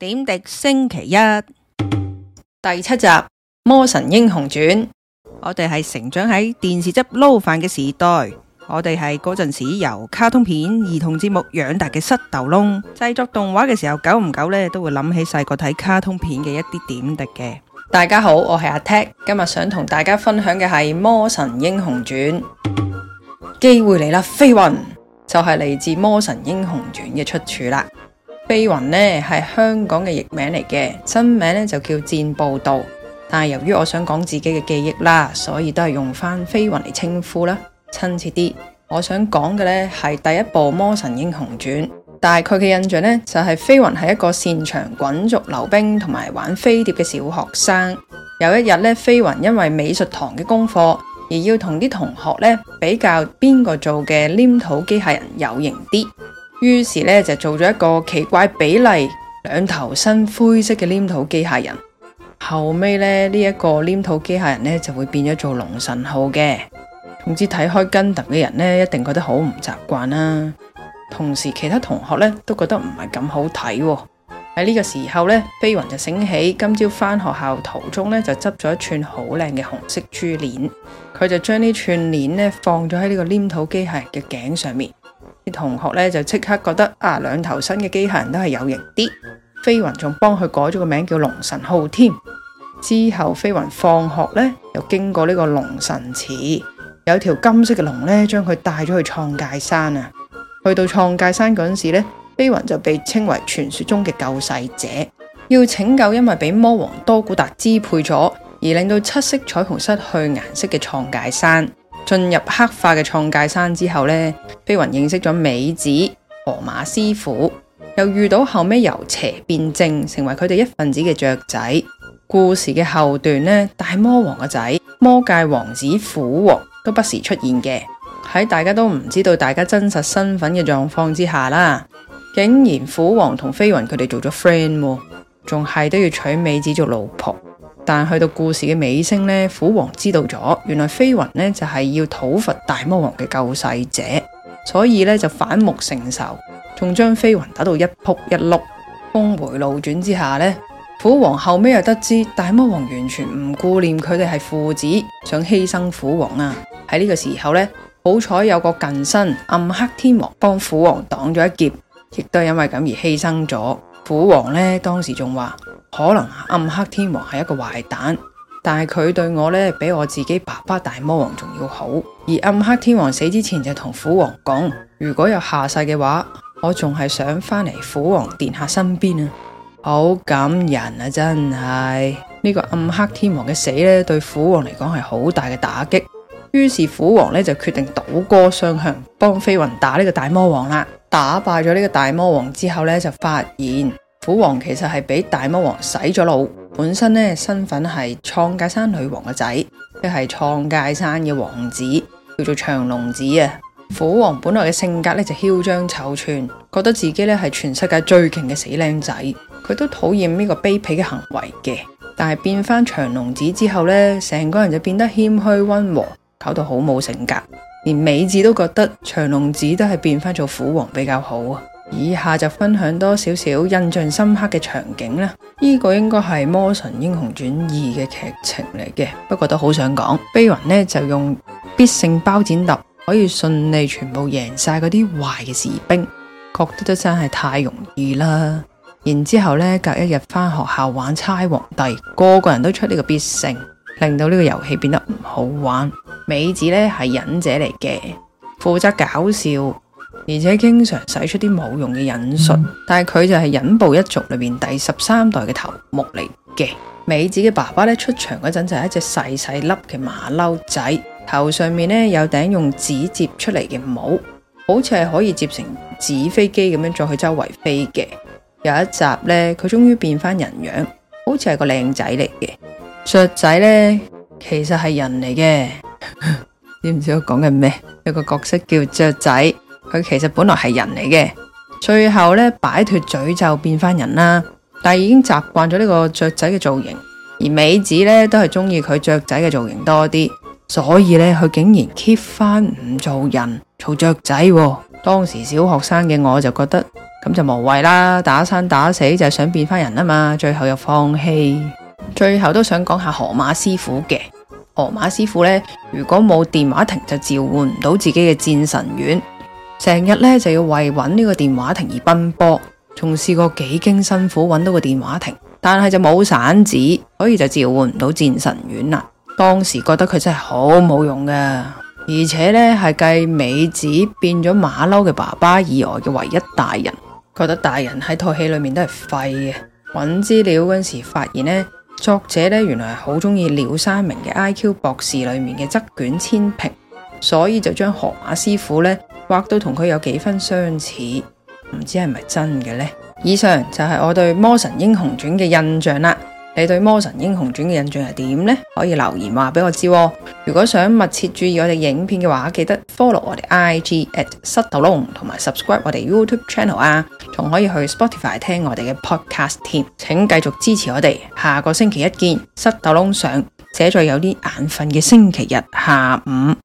點滴星期一第七集《魔神英雄傳》，我哋係成長喺電視汁撈飯嘅時代，我哋係嗰陣時由卡通片、兒童節目養大嘅膝頭窿。製作動畫嘅時候，久唔久咧都會諗起細個睇卡通片嘅一啲點滴嘅。大家好，我係阿 T，今日想同大家分享嘅係《魔神英雄傳》，機會嚟啦！飛雲就係嚟自《魔神英雄傳》嘅出處啦。飛雲呢係香港嘅譯名嚟嘅，真名咧就叫戰步道。但係由於我想講自己嘅記憶啦，所以都係用翻飛雲嚟稱呼啦，親切啲。我想講嘅呢係第一部《魔神英雄傳》，大概嘅印象呢就係、是、飛雲係一個擅長滾軸溜冰同埋玩飛碟嘅小學生。有一日呢，飛雲因為美術堂嘅功課而要同啲同學呢比較邊個做嘅黏土機械人有型啲。於是咧就做咗一個奇怪比例、兩頭身灰色嘅黏土機械人。後尾咧呢一、這個黏土機械人咧就會變咗做龍神號嘅。總之睇開高達嘅人咧一定覺得好唔習慣啦、啊。同時其他同學咧都覺得唔係咁好睇喎、啊。喺呢個時候咧，飛雲就醒起今朝返學校途中咧就執咗一串好靚嘅紅色珠鏈，佢就將呢串鏈咧放咗喺呢個黏土機械人嘅頸上面。同學咧就即刻覺得啊，兩頭身嘅機械人都係有型啲。飛雲仲幫佢改咗個名叫龍神號添。之後飛雲放學咧又經過呢個龍神池，有條金色嘅龍咧將佢帶咗去創界山啊。去到創界山嗰陣時咧，飛雲就被稱為傳說中嘅救世者，要拯救因為畀魔王多古達支配咗而令到七色彩虹失去顏色嘅創界山。進入黑化嘅創界山之後呢，飛雲認識咗美子、河馬師傅，又遇到後尾由邪變正，成為佢哋一份子嘅雀仔。故事嘅後段呢，大魔王嘅仔魔界王子虎王都不時出現嘅。喺大家都唔知道大家真實身份嘅狀況之下啦，竟然虎王同飛雲佢哋做咗 friend，仲係都要娶美子做老婆。但去到故事嘅尾聲呢，虎王知道咗，原來飛雲呢就係要討伐大魔王嘅救世者，所以呢就反目成仇，仲將飛雲打到一扑一碌。峰回路轉之下呢，虎王後尾又得知大魔王完全唔顧念佢哋係父子，想犧牲虎王啊！喺呢個時候呢，好彩有個近身暗黑天王幫虎王擋咗一劫，亦都係因為咁而犧牲咗。虎王呢，當時仲話。可能暗黑天王係一個壞蛋，但係佢對我呢比我自己爸爸大魔王仲要好。而暗黑天王死之前就同虎王講：如果有下世嘅話，我仲係想返嚟虎王殿下身邊啊！好感人啊，真係呢、呢個暗黑天王嘅死呢對虎王嚟講係好大嘅打擊。於是虎王呢就決定倒戈雙向幫飛雲打呢個大魔王啦。打敗咗呢個大魔王之後呢，就發現。虎王其實係俾大魔王洗咗腦，本身咧身份係創界山女王嘅仔，即係創界山嘅王子，叫做長龍子啊。虎王本來嘅性格咧就囂張醜串，覺得自己咧係全世界最勁嘅死靚仔，佢都討厭呢個卑鄙嘅行為嘅。但係變翻長龍子之後咧，成個人就變得謙虛温和，搞到好冇性格，連美子都覺得長龍子都係變翻做虎王比較好啊。以下就分享多少少印象深刻嘅場景啦。呢個應該係《魔神英雄傳二》嘅劇情嚟嘅，不過都好想講。飛雲呢就用必勝包剪揼，可以順利全部贏晒嗰啲壞嘅士兵，覺得都真係太容易啦。然之後呢，隔一日翻學校玩猜皇帝，個個人都出呢個必勝，令到呢個遊戲變得唔好玩。美子呢係忍者嚟嘅，負責搞笑。而且經常使出啲冇用嘅忍術，嗯、但係佢就係忍部一族裏邊第十三代嘅頭目嚟嘅。美子嘅爸爸咧出場嗰陣就係一隻細細粒嘅馬騮仔，頭上面咧有頂用紙折出嚟嘅帽，好似係可以折成紙飛機咁樣再去周圍飛嘅。有一集咧佢終於變翻人樣，好似係個靚仔嚟嘅。雀仔咧其實係人嚟嘅， 知唔知我講緊咩？有個角色叫雀仔。佢其實本來係人嚟嘅，最後呢，擺脫嘴就變翻人啦。但係已經習慣咗呢個雀仔嘅造型，而美子呢，都係中意佢雀仔嘅造型多啲，所以呢，佢竟然 keep 翻唔做人，做雀仔，啊。當時小學生嘅我就覺得咁就無謂啦，打生打死就係想變翻人啊嘛。最後又放棄，最後都想講下河馬師傅嘅河馬師傅呢，如果冇電話亭就召喚唔到自己嘅戰神丸。成日咧就要為揾呢個電話亭而奔波，仲試過幾經辛苦揾到個電話亭，但係就冇散紙，所以就召喚唔到戰神院啦。當時覺得佢真係好冇用嘅，而且呢係繼美子變咗馬騮嘅爸爸以外嘅唯一大人，覺得大人喺套戲裏面都係廢嘅。揾資料嗰陣時發現咧，作者呢原來係好中意鳥山明嘅 IQ 博士裏面嘅則卷千平，所以就將河馬師傅呢。畫都同佢有幾分相似，唔知係咪真嘅呢？以上就係我對《魔神英雄傳》嘅印象啦。你對《魔神英雄傳》嘅印象係點呢？可以留言話俾我知。如果想密切注意我哋影片嘅話，記得 follow 我哋 IG at 塞豆窿，同埋 subscribe 我哋 YouTube channel 啊，仲可以去 Spotify 聽我哋嘅 podcast 添。請繼續支持我哋，下個星期一見，塞豆窿上。寫在有啲眼瞓嘅星期日下午。